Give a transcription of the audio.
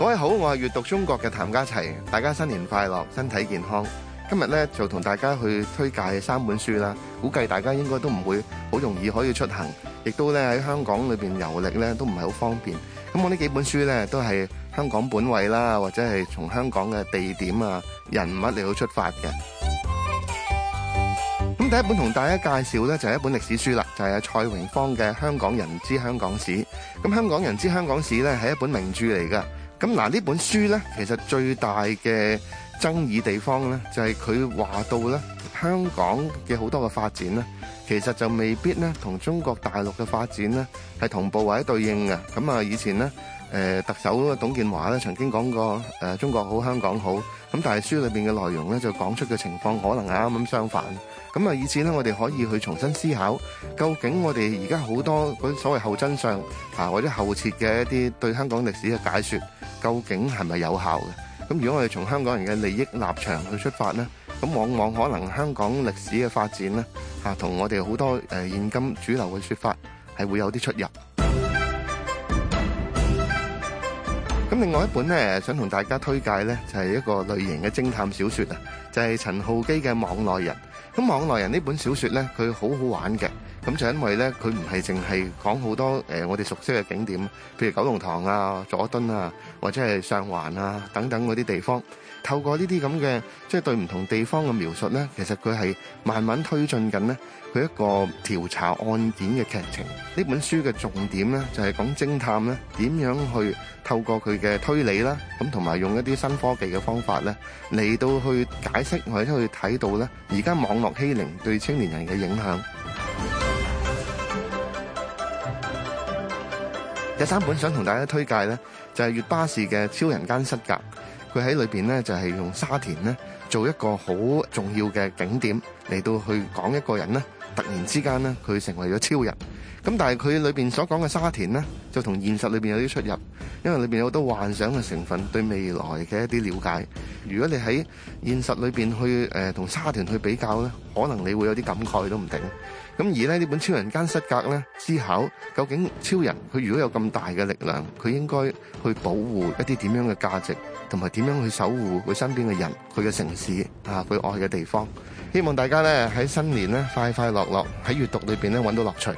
各位好，我係閱讀中國嘅譚家齊。大家新年快樂，身體健康。今日咧就同大家去推介三本書啦。估計大家應該都唔會好容易可以出行，亦都咧喺香港裏邊遊歷咧都唔係好方便。咁我呢幾本書咧都係香港本位啦，或者係從香港嘅地點啊、人物嚟到出發嘅。咁第一本同大家介紹咧就係一本歷史書啦，就係阿蔡榮芳嘅《香港人之香港史》。咁《香港人之香港史》咧係一本名著嚟噶。咁嗱，呢本書呢，其實最大嘅爭議地方呢，就係佢話到呢，香港嘅好多嘅發展呢，其實就未必呢，同中國大陸嘅發展呢係同步或者對應嘅。咁啊，以前呢，呃特首董建華呢曾經講過、呃、中國好，香港好。咁但係書裏面嘅內容呢，就講出嘅情況可能啱啱相反。咁啊，以前呢，我哋可以去重新思考，究竟我哋而家好多嗰啲所謂後真相啊，或者後設嘅一啲對香港歷史嘅解説。究竟係咪有效嘅？咁如果我哋從香港人嘅利益立場去出發呢，咁往往可能香港歷史嘅發展呢，吓同我哋好多誒現今主流嘅説法係會有啲出入。咁另外一本咧，想同大家推介咧，就係、是、一個類型嘅偵探小說啊，就係、是、陳浩基嘅《網內人》。咁《網內人》呢本小說咧，佢好好玩嘅。咁就因為咧，佢唔係淨係講好多誒、呃、我哋熟悉嘅景點，譬如九龍塘啊、佐敦啊，或者係上環啊等等嗰啲地方。透過呢啲咁嘅，即、就、係、是、對唔同地方嘅描述咧，其實佢係慢慢推進緊咧佢一個調查案件嘅劇情。呢本書嘅重點咧，就係講偵探咧點樣去透過佢。嘅推理啦，咁同埋用一啲新科技嘅方法咧，嚟到去解釋，或者去睇到咧。而家網絡欺凌對青年人嘅影響。有 三本想同大家推介咧，就係、是、《粵巴士》嘅《超人間失格》，佢喺裏邊咧就係用沙田咧。做一個好重要嘅景點嚟到去講一個人咧，突然之間咧佢成為咗超人，咁但係佢裏邊所講嘅沙田咧，就同現實裏邊有啲出入，因為裏邊有好多幻想嘅成分，對未來嘅一啲了解。如果你喺現實裏邊去誒同、呃、沙田去比較咧，可能你會有啲感慨都唔定。咁而咧呢這本《超人間失格》咧思考究竟超人佢如果有咁大嘅力量，佢應該去保護一啲點樣嘅價值，同埋點樣去守護佢身邊嘅人，佢嘅城。啊，佢愛嘅地方，希望大家咧喺新年咧快快樂樂喺閲讀裏邊咧揾到樂趣。